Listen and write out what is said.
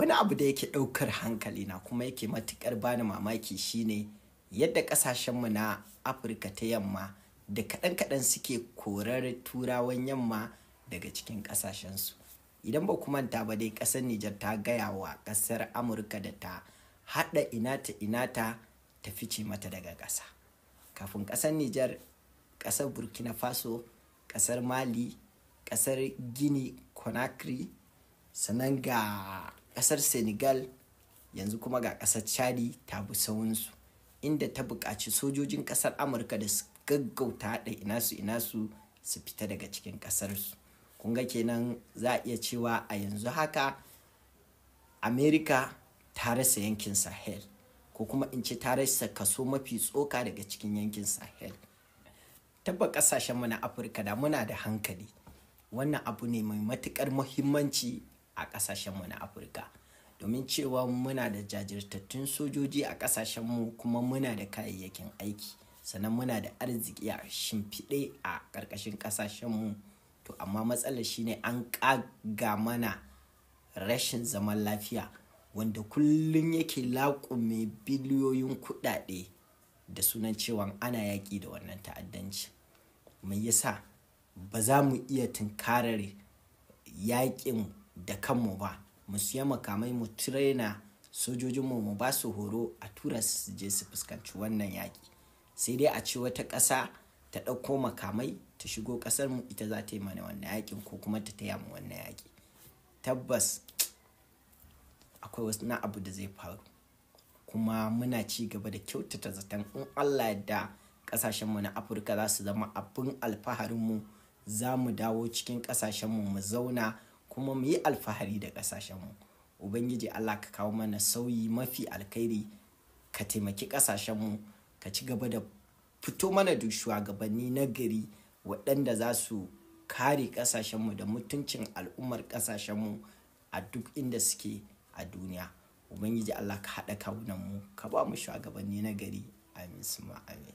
wani abu da yake ɗaukar hankali na kuma yake matukar bani mamaki shine yadda ƙasashenmu na afirka ta yamma da kaɗan-kaɗan suke korar turawan yamma daga cikin su idan ba manta ba dai ƙasar nijar ta gaya wa ƙasar amurka da ta haɗa inata inata ta fice mata daga ƙasa kafin ƙasar nijar ƙasar burkina faso ƙasar mali ƙasar gini conakry sannan ga ƙasar senegal yanzu kuma ga ƙasar chadi ta bi sawunsu inda ta buƙaci sojojin ƙasar amurka da su gaggauta haɗa inasu inasu su fita daga cikin ƙasarsu kun ga kenan za a iya cewa a yanzu haka amerika ta rasa yankin sahel ko kuma in ce ta rasa kaso mafi tsoka daga cikin yankin sahel tabba mu na afirka da muna da hankali wannan abu ne mai matuƙar muhimmanci a ƙasashenmu na afirka domin cewa muna da jajirtattun sojoji a ƙasashenmu kuma muna da kayayyakin aiki sannan muna da arziki a shimfiɗe a ƙarƙashin ƙasashenmu to amma matsalar shine an ƙaga mana rashin zaman lafiya wanda kullum yake laƙume biliyoyin kuɗaɗe da sunan cewa ana yaƙi da wannan ta'addanci mai yasa ba za mu iya tunkarar yaƙin da kanmu ba mu siya makamai mu tirena sojojinmu mu ba su horo a tura su je su fuskanci wannan yaƙi sai dai a ce wata ƙasa ta ɗauko makamai ta shigo ƙasar mu ita za ta yi mana wannan yaƙin ko kuma ta taya mu wannan yaƙi tabbas akwai wasu na abu da zai faru kuma muna ci gaba da kyautata zaton in allah da ƙasashenmu na afirka za su zama abin alfaharinmu za mu dawo cikin ƙasashenmu mu zauna kuma mu yi alfahari da mu ubangiji allah ka kawo mana sauyi mafi alkhairi ka taimaki ƙasashenmu ka ci gaba da fito mana duk shugabanni na gari waɗanda za su kare ƙasashenmu da mutuncin al'ummar ƙasashenmu a duk inda suke a duniya ubangiji allah ka haɗa kawunan mu ka ba mu shugabanni na gari amin suma amin